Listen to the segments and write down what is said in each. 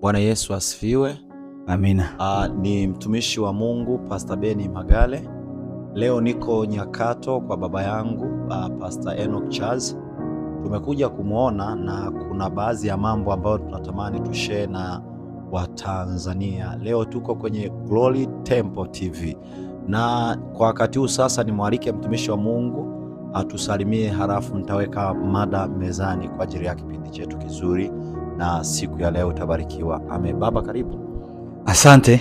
Bwana Yesu asifiwe. Amina. Uh, ni mtumishi wa Mungu Pastor Beni Magale. Leo niko Nyakato kwa baba yangu ah, Pastor Enoch Charles. Tumekuja kumwona na kuna baadhi ya mambo ambayo tunatamani tushee na Watanzania. Leo tuko kwenye Glory Temple TV na kwa wakati huu sasa nimwalike mtumishi wa Mungu atusalimie, halafu nitaweka mada mezani kwa ajili ya kipindi chetu kizuri na siku ya leo utabarikiwa. Amen. Baba, karibu. Asante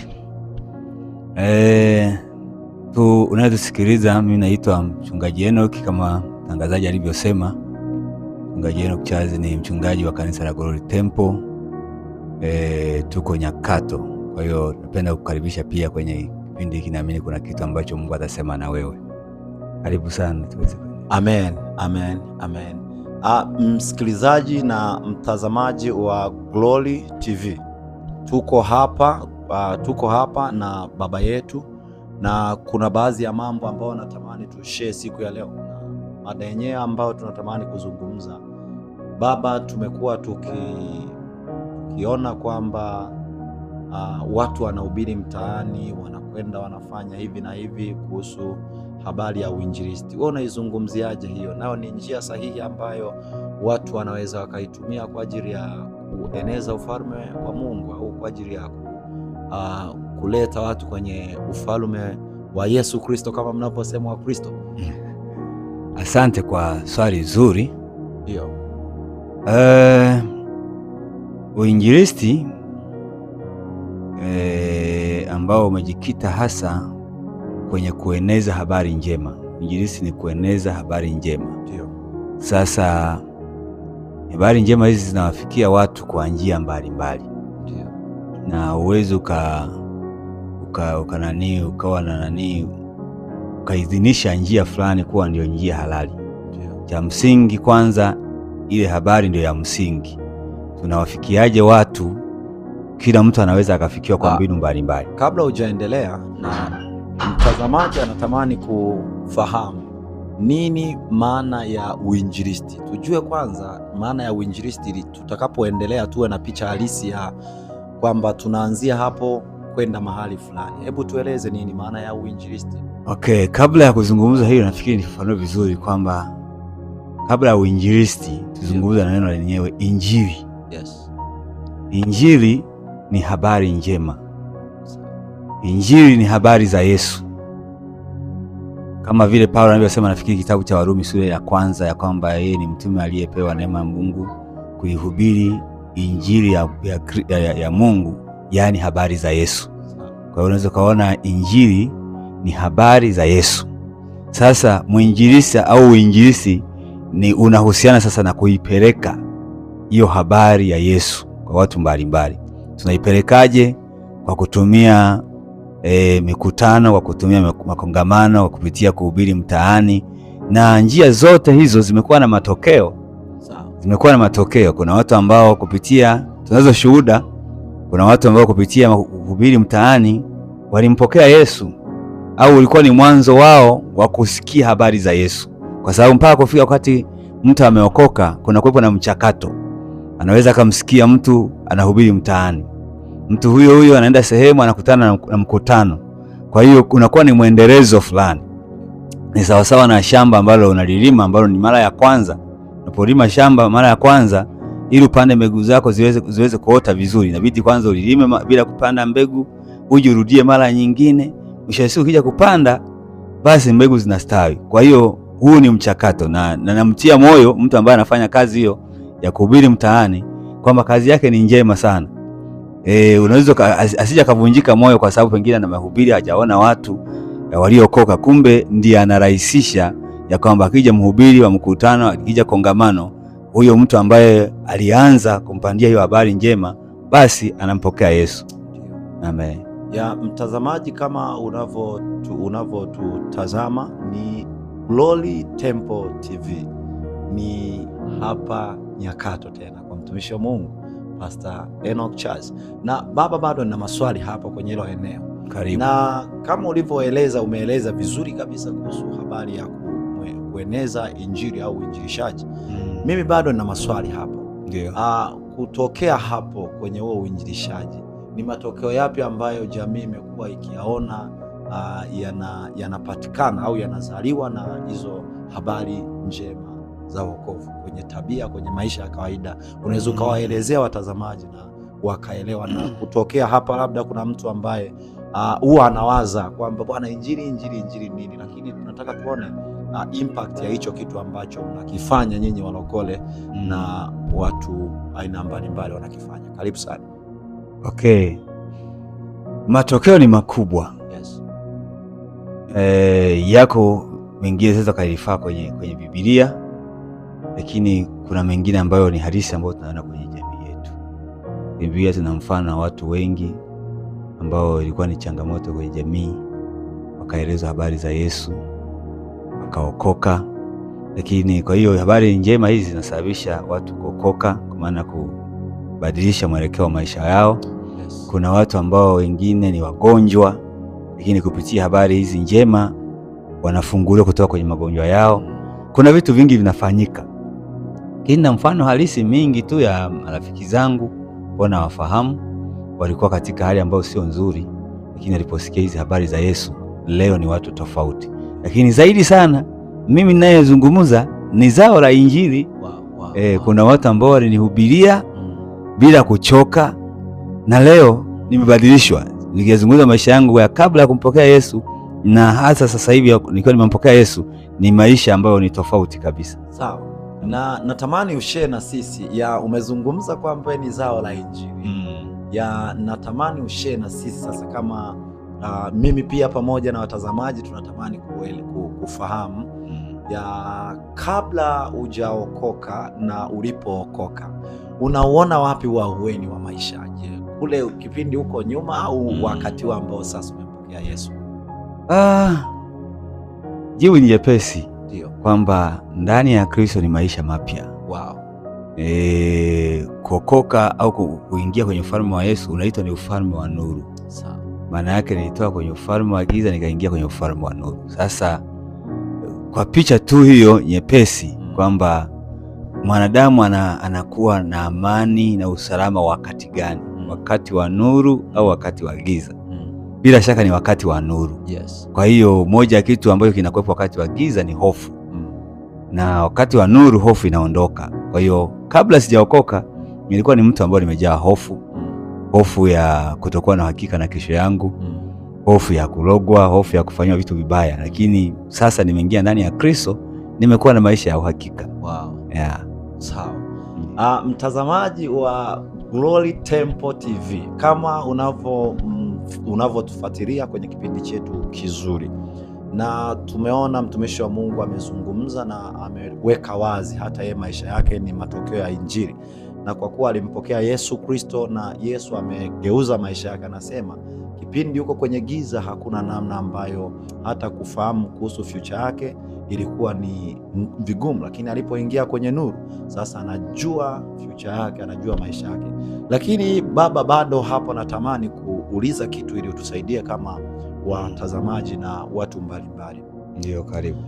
e, tu unayetusikiliza, mimi naitwa mchungaji Enoki kama mtangazaji alivyosema. Mchungaji Enoki Chazi ni mchungaji wa kanisa la Glory Temple e, tuko Nyakato. Kwa hiyo napenda kukukaribisha pia kwenye kipindi hiki, naamini kuna kitu ambacho Mungu atasema na wewe. Karibu sana tuweze. Amen. Amen. Amen. A, ah, msikilizaji na mtazamaji wa Glory TV, tuko hapa uh, tuko hapa na baba yetu, na kuna baadhi ya mambo ambayo natamani tushee siku ya leo, na mada yenyewe ambayo tunatamani kuzungumza. Baba, tumekuwa tukiona kwamba uh, watu wanahubiri mtaani, wanakwenda wanafanya hivi na hivi kuhusu habari ya uinjilisti. Wewe unaizungumziaje hiyo? Nayo ni njia sahihi ambayo watu wanaweza wakaitumia kwa ajili ya kueneza ufalme wa Mungu au kwa ajili ya uh, kuleta watu kwenye ufalme wa Yesu Kristo kama mnavyosema wa Kristo. Asante kwa swali zuri. Ndio. Uh, uinjilisti ambao umejikita hasa kwenye kueneza habari njema. Injilisi ni kueneza habari njema. Ndio. Sasa habari njema hizi zinawafikia watu kwa njia mbalimbali. Ndio. Na uwezo uka uka uka nani ukawa na nani ukaidhinisha njia fulani kuwa ndio njia halali. Ndio. Cha msingi kwanza ile habari ndio ya msingi. Tunawafikiaje watu kila mtu anaweza akafikiwa kwa ah. mbinu mbalimbali. Kabla hujaendelea, na mtazamaji anatamani kufahamu nini maana ya uinjilisti, tujue kwanza maana ya uinjilisti ili tutakapoendelea tuwe na picha halisi ya kwamba tunaanzia hapo kwenda mahali fulani. Hebu tueleze nini maana ya uinjilisti? Okay, kabla ya kuzungumza hiyo nafikiri nifafanue vizuri kwamba kabla ya uinjilisti tuzungumza na neno lenyewe injili. Yes. Injili ni habari njema. Injili ni habari za Yesu, kama vile Paulo anavyosema, nafikiri kitabu cha Warumi sura ya kwanza, ya kwamba yeye ni mtume aliyepewa neema ya Mungu kuihubiri injili ya, ya, ya, ya Mungu, yaani habari za Yesu. Kwa hiyo unaweza ukaona injili ni habari za Yesu. Sasa mwinjilisi au uinjilisi ni unahusiana sasa na kuipeleka hiyo habari ya Yesu kwa watu mbalimbali tunaipelekaje? Kwa kutumia e, mikutano, kwa kutumia makongamano, kwa kupitia kuhubiri mtaani, na njia zote hizo zimekuwa na matokeo, zimekuwa na matokeo. Kuna watu ambao kupitia tunazo shuhuda, kuna watu ambao kupitia kuhubiri mtaani walimpokea Yesu au ulikuwa ni mwanzo wao wa kusikia habari za Yesu, kwa sababu mpaka kufika wakati mtu ameokoka kuna kuwepo na mchakato. Anaweza akamsikia mtu anahubiri mtaani, mtu huyo huyo anaenda sehemu anakutana na mkutano. Kwa hiyo unakuwa ni mwendelezo fulani. Ni sawasawa na shamba ambalo unalilima ambalo ni mara ya kwanza. Unapolima shamba mara ya kwanza, ili upande mbegu zako ziweze, ziweze kuota vizuri, inabidi kwanza ulilime bila kupanda mbegu, uje urudie mara nyingine, mwisho wa siku ukija kupanda, basi mbegu zinastawi. Kwa hiyo huu ni mchakato na namtia na moyo mtu ambaye anafanya kazi hiyo ya kuhubiri mtaani kwamba kazi yake ni njema sana. E, unaweza asija kavunjika moyo kwa sababu pengine na mahubiri hajaona watu e, waliokoka, kumbe ndiye anarahisisha ya kwamba akija mhubiri wa mkutano, akija kongamano, huyo mtu ambaye alianza kumpandia hiyo habari njema, basi anampokea Yesu. Amen. Ya mtazamaji, kama unavyotutazama, ni Glory Temple TV, ni hapa Nyakato tena kwa mtumishi wa Mungu Pastor Enoch Charles. Na baba, bado nina maswali hapo kwenye hilo eneo. Karibu. Na kama ulivyoeleza, umeeleza vizuri kabisa kuhusu habari ya kueneza injili au uinjilishaji. Hmm. Mimi bado nina maswali hapo. Ndio. Ah, kutokea hapo kwenye huo uinjilishaji ni matokeo yapi ambayo jamii imekuwa ikiyaona ah, yanapatikana yana au yanazaliwa na hizo habari njema? za wokovu kwenye tabia, kwenye maisha ya kawaida. Unaweza ukawaelezea watazamaji na wakaelewa, na kutokea hapa labda kuna mtu ambaye ah, huwa uh, anawaza kwamba bwana, injili injili injili nini, lakini tunataka tuone uh, impact ya hicho kitu ambacho mnakifanya nyinyi walokole na watu aina mbalimbali wanakifanya. Karibu sana. Okay, matokeo ni makubwa yes. E, yako mengine sasa kalifaa kwenye, kwenye Biblia lakini kuna mengine ambayo ni halisi ambayo tunaona kwenye jamii yetu. Biblia zina mfano na watu wengi ambao ilikuwa ni changamoto kwenye jamii, wakaelezwa habari za Yesu wakaokoka. Lakini kwa hiyo habari njema hizi zinasababisha watu kuokoka, kwa maana kubadilisha mwelekeo wa maisha yao. Kuna watu ambao wengine ni wagonjwa, lakini kupitia habari hizi njema wanafunguliwa kutoka kwenye magonjwa yao. Mm. Kuna vitu vingi vinafanyika lakini na mfano halisi mingi tu ya marafiki zangu ambao wafahamu walikuwa katika hali ambayo sio nzuri, lakini aliposikia hizi habari za Yesu leo ni watu tofauti. Lakini zaidi sana mimi ninayezungumza ni zao la Injili. wow, wow, e, eh, wow. Kuna watu ambao walinihubiria mm. bila kuchoka na leo nimebadilishwa, nikizungumza maisha yangu ya kabla ya kumpokea Yesu na hasa sasa hivi nikiwa nimempokea Yesu, ni maisha ambayo ni tofauti kabisa. Sawa na natamani ushee na sisi ya umezungumza kwamba ni zao la Injili mm. ya natamani ushee na sisi sasa kama uh, mimi pia pamoja na watazamaji tunatamani kufahamu mm. ya kabla ujaokoka na ulipookoka unauona wapi wahueni wa maisha? Je, kule kipindi huko nyuma au mm. wakati ambao sasa umempokea Yesu? Ah, jiwi ni jepesi kwamba ndani ya Kristo ni maisha mapya. Wow. E, kuokoka au kuingia kwenye ufalme wa Yesu unaitwa ni ufalme wa nuru. Sawa. Maana yake nilitoka kwenye ufalme wa giza nikaingia kwenye ufalme wa nuru. Sasa kwa picha tu hiyo nyepesi mm. kwamba mwanadamu ana, anakuwa na amani na usalama wakati gani? Mm. Wakati wa nuru au wakati wa giza? Mm. Bila shaka ni wakati wa nuru. Yes. Kwa hiyo moja ya kitu ambacho kinakuwepo wakati wa giza ni hofu na wakati wa nuru hofu inaondoka. Kwa hiyo kabla sijaokoka nilikuwa ni mtu ambaye nimejaa hofu, hofu ya kutokuwa na hakika na kesho yangu, hofu ya kulogwa, hofu ya kufanyiwa vitu vibaya. Lakini sasa nimeingia ndani ya Kristo, nimekuwa na maisha ya uhakika. Wow. Yeah. Sawa. Uh, mtazamaji wa Glory Temple TV, kama unavyo mm, unavyotufuatilia kwenye kipindi chetu kizuri na tumeona mtumishi wa Mungu amezungumza na ameweka wazi hata yeye maisha yake ni matokeo ya Injili, na kwa kuwa alimpokea Yesu Kristo na Yesu amegeuza maisha yake, anasema kipindi huko kwenye giza hakuna namna ambayo hata kufahamu kuhusu future yake ilikuwa ni vigumu, lakini alipoingia kwenye nuru sasa anajua future yake, anajua maisha yake. Lakini baba, bado hapo natamani kuuliza kitu ili utusaidie kama watazamaji na watu mbalimbali. Ndio, karibu.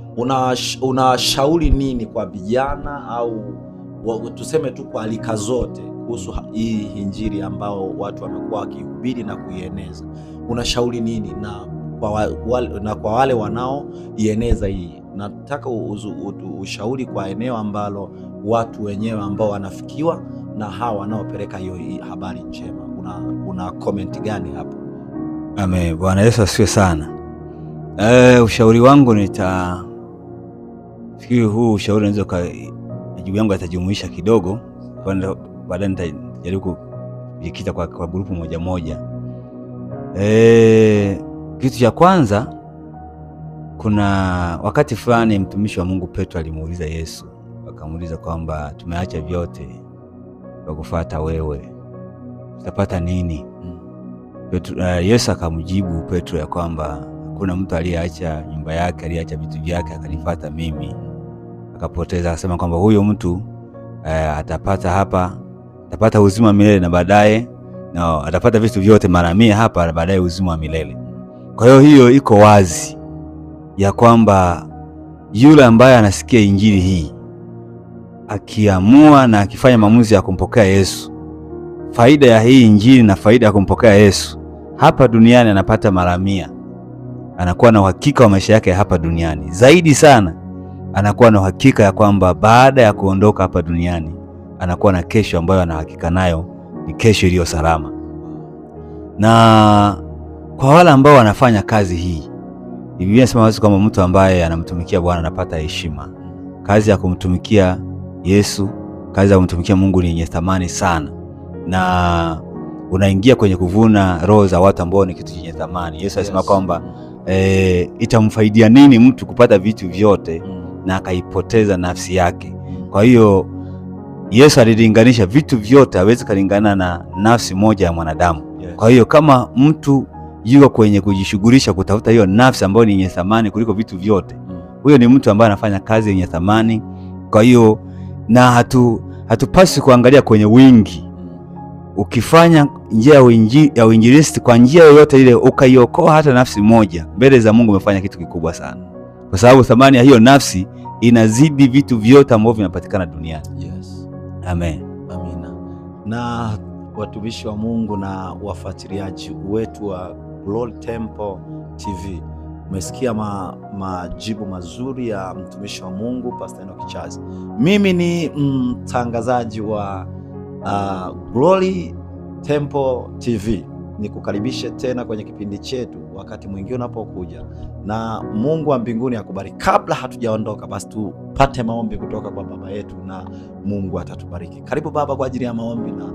Unashauri una nini kwa vijana au wa, tuseme tu kwa alika zote kuhusu hii Injili ambao watu wamekuwa wakihubiri na kuieneza? Unashauri nini na kwa, wa, na kwa wale wanaoieneza hii? Nataka ushauri kwa eneo ambalo watu wenyewe ambao wanafikiwa na hawa wanaopeleka hiyo habari njema. Una, una komenti gani hapo? Amen. Bwana Yesu asifiwe sana. E, ushauri wangu nita fikiri huu ushauri naweza ka jibu yangu yatajumuisha kidogo, baadaye nitajaribu kujikita kwa, kwa grupu moja moja. E, kitu cha kwanza, kuna wakati fulani mtumishi wa Mungu Petro alimuuliza Yesu, akamuuliza kwamba tumeacha vyote kwa kufuata wewe tutapata nini? Petro, uh, eh, Yesu akamjibu Petro ya kwamba kuna mtu aliyeacha nyumba yake aliyeacha vitu vyake akanifuata mimi akapoteza. Akasema kwamba huyo mtu uh, atapata hapa atapata uzima milele na baadaye no, atapata vitu vyote mara mia hapa na baadaye uzima wa milele. Kwa hiyo hiyo iko wazi ya kwamba yule ambaye anasikia injili hii akiamua na akifanya maamuzi ya kumpokea Yesu, faida ya hii injili na faida ya kumpokea Yesu hapa duniani anapata mara mia, anakuwa na uhakika wa maisha yake hapa duniani. Zaidi sana anakuwa na uhakika ya kwamba baada ya kuondoka hapa duniani anakuwa na kesho ambayo anahakika nayo ni kesho iliyo salama. Na kwa wale ambao wanafanya kazi hii, Biblia inasema wazi kwamba mtu ambaye anamtumikia Bwana anapata heshima. Kazi ya kumtumikia Yesu, kazi ya kumtumikia Mungu ni yenye thamani sana na unaingia kwenye kuvuna roho za watu ambao ni kitu chenye thamani. Yesu alisema yes. kwamba e, itamfaidia nini mtu kupata vitu vyote mm. na akaipoteza nafsi yake mm. kwa hiyo Yesu alilinganisha vitu vyote, hawezi kalingana na nafsi moja ya mwanadamu yes. Kwa hiyo kama mtu yuko kwenye kujishughulisha kutafuta hiyo nafsi ambayo ni yenye thamani kuliko vitu vyote mm. huyo ni mtu ambaye anafanya kazi yenye thamani. Kwa hiyo na hatu hatupasi kuangalia kwenye wingi ukifanya njia ya uinjilisti kwa njia yoyote ile, ukaiokoa hata nafsi moja, mbele za Mungu umefanya kitu kikubwa sana, kwa sababu thamani ya hiyo nafsi inazidi vitu vyote ambavyo vinapatikana duniani. Yes. Amen. Amina. Na watumishi wa Mungu na wafuatiliaji wetu wa Glory Temple TV, umesikia ma, majibu mazuri ya mtumishi wa Mungu Pastor Enoch Charles. Mimi ni mtangazaji mm, wa Uh, Glory Temple TV ni kukaribishe tena kwenye kipindi chetu wakati mwingine unapokuja, na Mungu wa mbinguni akubariki. Kabla hatujaondoka, basi tupate maombi kutoka kwa Baba yetu na Mungu atatubariki. Karibu Baba kwa ajili ya maombi, na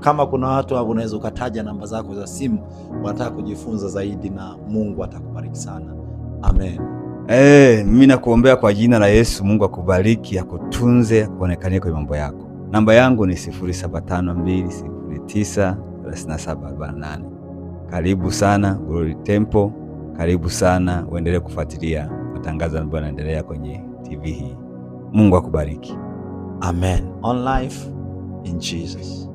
kama kuna watu unaweza ukataja namba zako za simu, wanataka kujifunza zaidi, na Mungu atakubariki sana. Amen. Hey, eh, mimi nakuombea kwa jina la Yesu. Mungu akubariki, akutunze, akuonekanie kwenye mambo yako Namba yangu ni 0752093748. Karibu sana Glory Temple, karibu sana uendelee kufuatilia matangazo ambayo yanaendelea kwenye TV hii. Mungu akubariki. Amen. On life in Jesus.